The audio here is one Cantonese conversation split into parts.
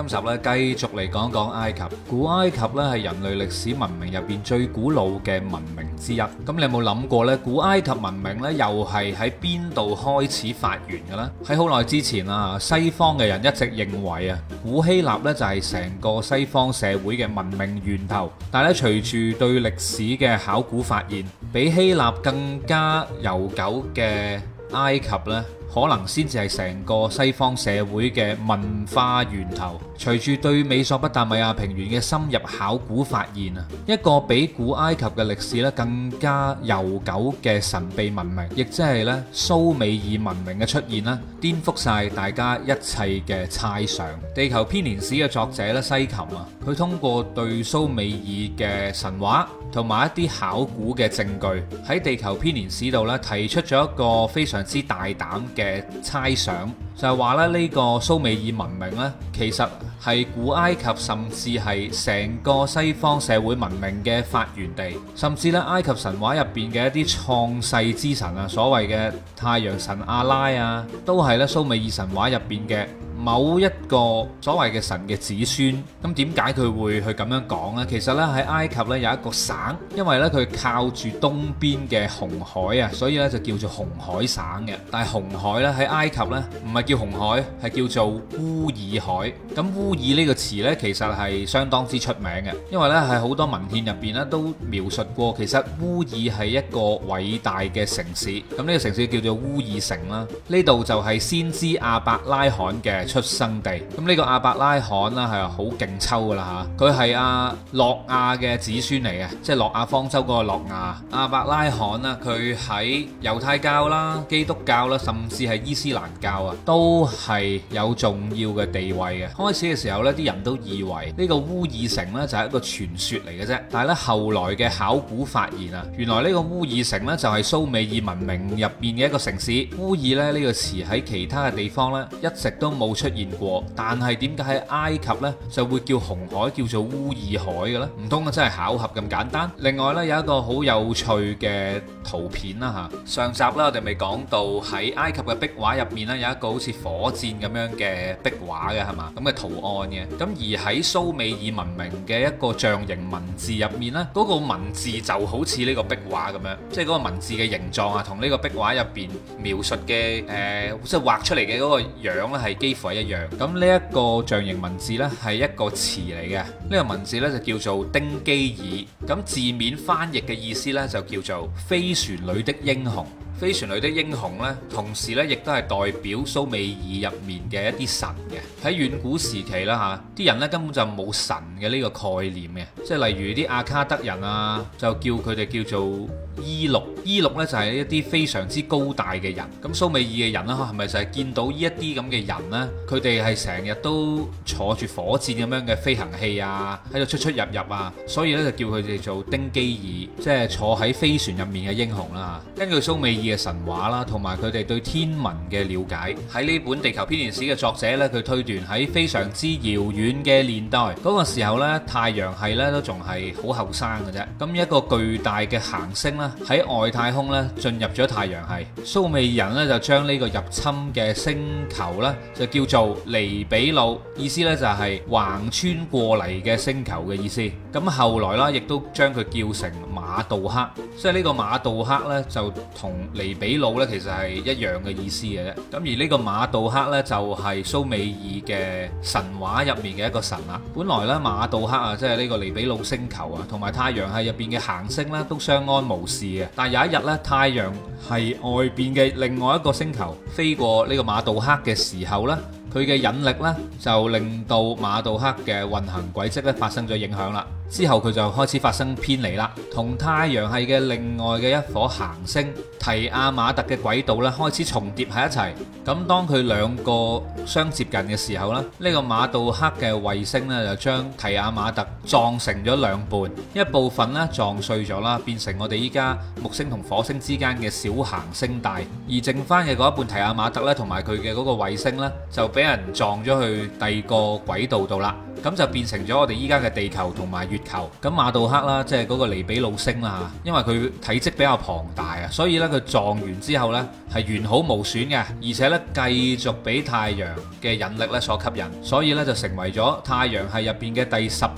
今集咧，繼續嚟講講埃及。古埃及咧係人類歷史文明入邊最古老嘅文明之一。咁你有冇諗過咧？古埃及文明咧又係喺邊度開始發源嘅咧？喺好耐之前啊，西方嘅人一直認為啊，古希臘咧就係成個西方社會嘅文明源頭。但係咧，隨住對歷史嘅考古發現，比希臘更加悠久嘅埃及咧，可能先至係成個西方社會嘅文化源頭。隨住對美索不達米亞平原嘅深入考古發現啊，一個比古埃及嘅歷史咧更加悠久嘅神秘文明，亦即係咧蘇美爾文明嘅出現啦，顛覆晒大家一切嘅猜想。地球編年史嘅作者咧西琴啊，佢通過對蘇美爾嘅神話同埋一啲考古嘅證據，喺地球編年史度咧提出咗一個非常之大膽嘅猜想。就係話咧，呢個蘇美爾文明呢，其實係古埃及，甚至係成個西方社會文明嘅發源地，甚至呢，埃及神話入邊嘅一啲創世之神啊，所謂嘅太陽神阿拉啊，都係咧蘇美爾神話入邊嘅某一個所謂嘅神嘅子孫，咁點解佢會去咁樣講呢？其實呢，喺埃及呢有一個省，因為呢，佢靠住東邊嘅紅海啊，所以呢就叫做紅海省嘅。但係紅海呢，喺埃及呢，唔係叫紅海，係叫做烏爾海。咁烏爾呢個詞呢，其實係相當之出名嘅，因為呢，係好多文獻入邊呢都描述過。其實烏爾係一個偉大嘅城市，咁呢個城市叫做烏爾城啦。呢度就係先知亞伯拉罕嘅出生地。咁呢個亞伯拉罕啦，係啊好勁抽噶啦嚇，佢係阿諾亞嘅子孫嚟嘅，即係諾亞方舟嗰個諾亞亞伯拉罕啦。佢喺猶太教啦、基督教啦，甚至係伊斯蘭教啊，都係有重要嘅地位嘅。開始嘅時候呢，啲人都以為呢個烏爾城呢就係一個傳說嚟嘅啫。但係呢，後來嘅考古發現啊，原來呢個烏爾城呢就係蘇美爾文明入面嘅一個城市。烏爾呢，呢個詞喺其他嘅地方呢一直都冇出現過，但係點解喺埃及呢就會叫紅海叫做烏爾海嘅呢？唔通真係巧合咁簡單？另外呢，有一個好有趣嘅圖片啦吓，上集呢我哋未講到喺埃及嘅壁畫入面呢有一個好似火箭咁樣嘅壁畫嘅係嘛，咁嘅圖案嘅，咁而喺蘇美爾文明嘅一個象形文字入面呢，嗰個文字就好似呢個壁畫咁樣，即係嗰個文字嘅形狀啊，同呢個壁畫入邊描述嘅誒即係畫出嚟嘅嗰個樣呢係幾乎。一樣咁呢一個象形文字呢係一個詞嚟嘅，呢、這個文字呢就叫做丁基爾，咁字面翻譯嘅意思呢就叫做飛船裏的英雄。飛船裏的英雄呢，同時呢亦都係代表蘇美爾入面嘅一啲神嘅。喺遠古時期啦嚇，啲人呢根本就冇神嘅呢個概念嘅，即係例如啲阿卡德人啊，就叫佢哋叫做伊六。伊六呢就係一啲非常之高大嘅人。咁蘇美爾嘅人呢，係咪就係見到呢一啲咁嘅人呢？佢哋係成日都坐住火箭咁樣嘅飛行器啊，喺度出出入入啊，所以呢，就叫佢哋做丁基爾，即係坐喺飛船入面嘅英雄啦。根據蘇美爾嘅神話啦，同埋佢哋對天文嘅瞭解，喺呢本《地球編年史》嘅作者咧，佢推斷喺非常之遙遠嘅年代，嗰個時候咧，太陽系咧都仲係好後生嘅啫。咁一個巨大嘅行星啦，喺外太空咧進入咗太陽系，蘇美人咧就將呢個入侵嘅星球咧就叫做尼比魯，意思咧就係橫穿過嚟嘅星球嘅意思。咁後來啦，亦都將佢叫成馬杜克，即係呢個馬杜克咧就同。尼比魯咧，其實係一樣嘅意思嘅啫。咁而呢個馬杜克呢，就係蘇美爾嘅神話入面嘅一個神啦。本來呢馬杜克啊，即係呢個尼比魯星球啊，同埋太陽系入邊嘅行星呢，都相安無事嘅。但係有一日呢，太陽系外邊嘅另外一個星球飛過呢個馬杜克嘅時候呢，佢嘅引力呢，就令到馬杜克嘅運行軌跡咧發生咗影響啦。之後佢就開始發生偏離啦，同太陽系嘅另外嘅一顆行星提亞馬特嘅軌道呢，開始重疊喺一齊。咁當佢兩個相接近嘅時候呢，呢，呢個馬道克嘅衛星呢，就將提亞馬特撞成咗兩半，一部分呢，撞碎咗啦，變成我哋依家木星同火星之間嘅小行星帶，而剩翻嘅嗰一半提亞馬特呢，同埋佢嘅嗰個衛星呢，就俾人撞咗去第二個軌道度啦。咁就變成咗我哋依家嘅地球同埋月球。咁馬杜克啦，即係嗰個尼比魯星啦嚇，因為佢體積比較龐大啊，所以咧佢撞完之後咧係完好無損嘅，而且咧繼續俾太陽嘅引力咧所吸引，所以咧就成為咗太陽系入邊嘅第十二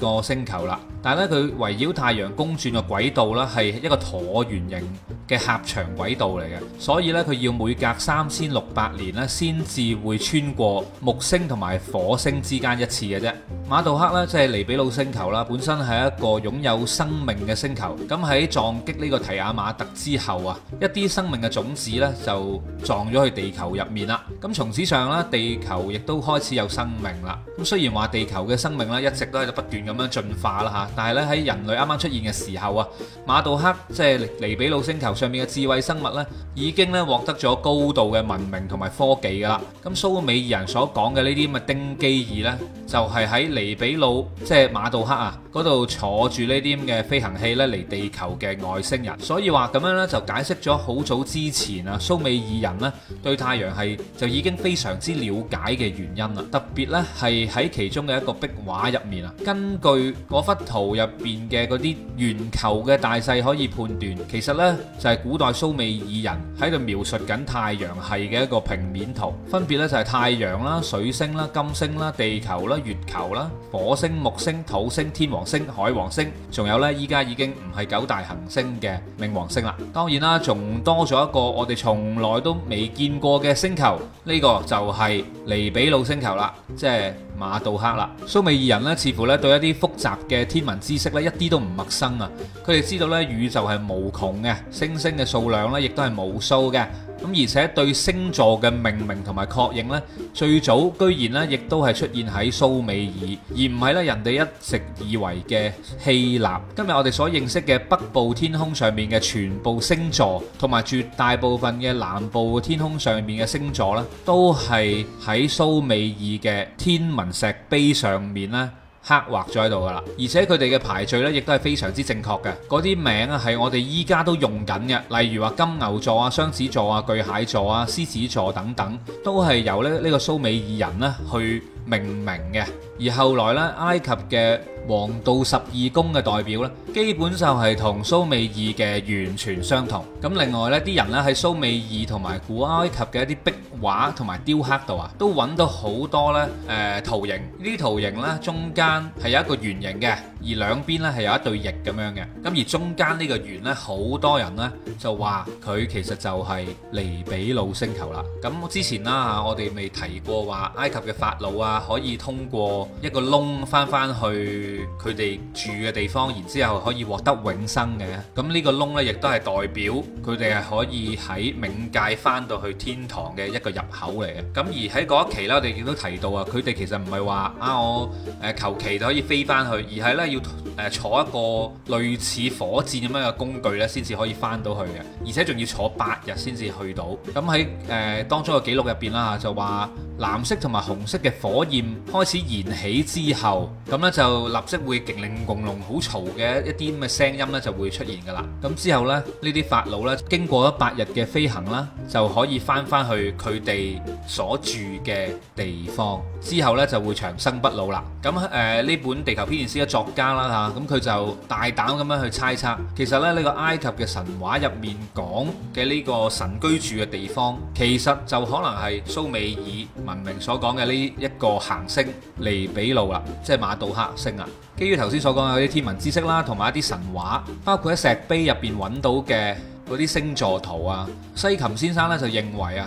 個星球啦。但係咧佢圍繞太陽公轉嘅軌道咧係一個橢圓形嘅狹長軌道嚟嘅，所以咧佢要每隔三千六百年咧先至會穿過木星同埋火星之間一次。嘅啫，馬杜克咧即係尼比魯星球啦，本身係一個擁有生命嘅星球。咁喺撞擊呢個提亞馬特之後啊，一啲生命嘅種子咧就撞咗去地球入面啦。咁從此上啦，地球亦都開始有生命啦。咁雖然話地球嘅生命咧一直都喺度不斷咁樣進化啦嚇，但係咧喺人類啱啱出現嘅時候啊，馬杜克即係尼比魯星球上面嘅智慧生物咧，已經咧獲得咗高度嘅文明同埋科技噶啦。咁蘇美爾人所講嘅呢啲咁嘅丁基爾咧就。就係喺尼比路，即、就、係、是、馬杜克啊！嗰度坐住呢啲咁嘅飛行器咧嚟地球嘅外星人，所以話，咁樣咧就解釋咗好早之前啊蘇美爾人咧對太陽系就已經非常之了解嘅原因啦。特別咧係喺其中嘅一個壁畫入面啊，根據嗰幅圖入邊嘅嗰啲圓球嘅大細可以判斷，其實咧就係古代蘇美爾人喺度描述緊太陽系嘅一個平面圖，分別咧就係太陽啦、水星啦、金星啦、地球啦、月球啦、火星、木星、土星、天王星、海王星，仲有呢，依家已經唔係九大行星嘅冥王星啦。當然啦，仲多咗一個我哋從來都未見過嘅星球，呢個就係尼比魯星球啦，即係馬杜克啦。蘇美爾人呢，似乎呢對一啲複雜嘅天文知識呢，一啲都唔陌生啊！佢哋知道呢，宇宙係無窮嘅，星星嘅數量呢，亦都係無數嘅。咁而且對星座嘅命名同埋確認咧，最早居然咧亦都係出現喺蘇美爾，而唔係咧人哋一直以為嘅希臘。今日我哋所認識嘅北部天空上面嘅全部星座，同埋絕大部分嘅南部天空上面嘅星座咧，都係喺蘇美爾嘅天文石碑上面咧，刻畫咗喺度噶啦，而且佢哋嘅排序呢，亦都係非常之正確嘅。嗰啲名啊，係我哋依家都用緊嘅，例如話金牛座啊、雙子座啊、巨蟹座啊、獅子座等等，都係由咧呢個蘇美爾人呢去，命名嘅，而後來咧，埃及嘅黃道十二宮嘅代表咧，基本上就係同蘇美爾嘅完全相同。咁另外咧，啲人咧喺蘇美爾同埋古埃及嘅一啲壁畫同埋雕刻度啊，都揾到好多咧，誒圖形。呢啲圖形咧，中間係有一個圓形嘅，而兩邊咧係有一對翼咁樣嘅。咁而中間呢個圓咧，好多人咧就話佢其實就係尼比魯星球啦。咁之前啦，我哋未提過話埃及嘅法老啊。啊！可以通過一個窿翻翻去佢哋住嘅地方，然之後可以獲得永生嘅。咁呢個窿咧，亦都係代表佢哋係可以喺冥界翻到去天堂嘅一個入口嚟嘅。咁而喺嗰一期啦，我哋亦都提到啊，佢哋其實唔係話啊，我誒求其就可以飛翻去，而係咧要誒坐一個類似火箭咁樣嘅工具咧，先至可以翻到去嘅。而且仲要坐八日先至去到。咁喺誒當初嘅記錄入邊啦，就話藍色同埋紅色嘅火。火焰開始燃起之後，咁呢就立即會極令轟隆好嘈嘅一啲咁嘅聲音呢就會出現噶啦。咁之後呢，呢啲法老呢經過一百日嘅飛行啦，就可以翻翻去佢哋所住嘅地方。之後呢，就會長生不老啦。咁誒呢本《地球編年史》嘅作家啦嚇，咁、啊、佢就大膽咁樣去猜測，其實咧呢、呢個埃及嘅神話入面講嘅呢個神居住嘅地方，其實就可能係蘇美爾文明所講嘅呢一個。個行星尼比路啦，即係馬杜克星啊！基於頭先所講嘅啲天文知識啦，同埋一啲神話，包括喺石碑入邊搵到嘅嗰啲星座圖啊，西琴先生咧就認為啊。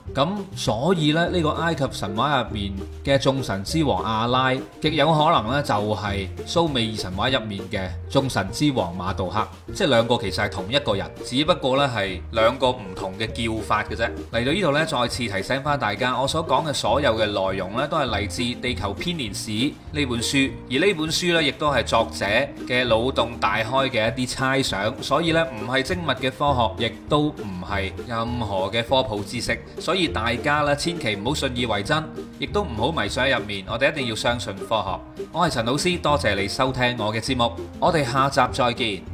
咁所以咧，呢個埃及神話入面嘅眾神之王阿拉，極有可能呢，就係蘇美爾神話入面嘅眾神之王馬杜克，即係兩個其實係同一個人，只不過呢，係兩個唔同嘅叫法嘅啫。嚟到呢度呢，再次提醒翻大家，我所講嘅所有嘅內容呢，都係嚟自《地球編年史》呢本書，而呢本書呢，亦都係作者嘅腦洞大開嘅一啲猜想，所以呢，唔係精密嘅科學，亦都唔係任何嘅科普知識。所以大家咧，千祈唔好信以為真，亦都唔好迷信喺入面。我哋一定要相信科學。我係陳老師，多謝你收聽我嘅節目，我哋下集再見。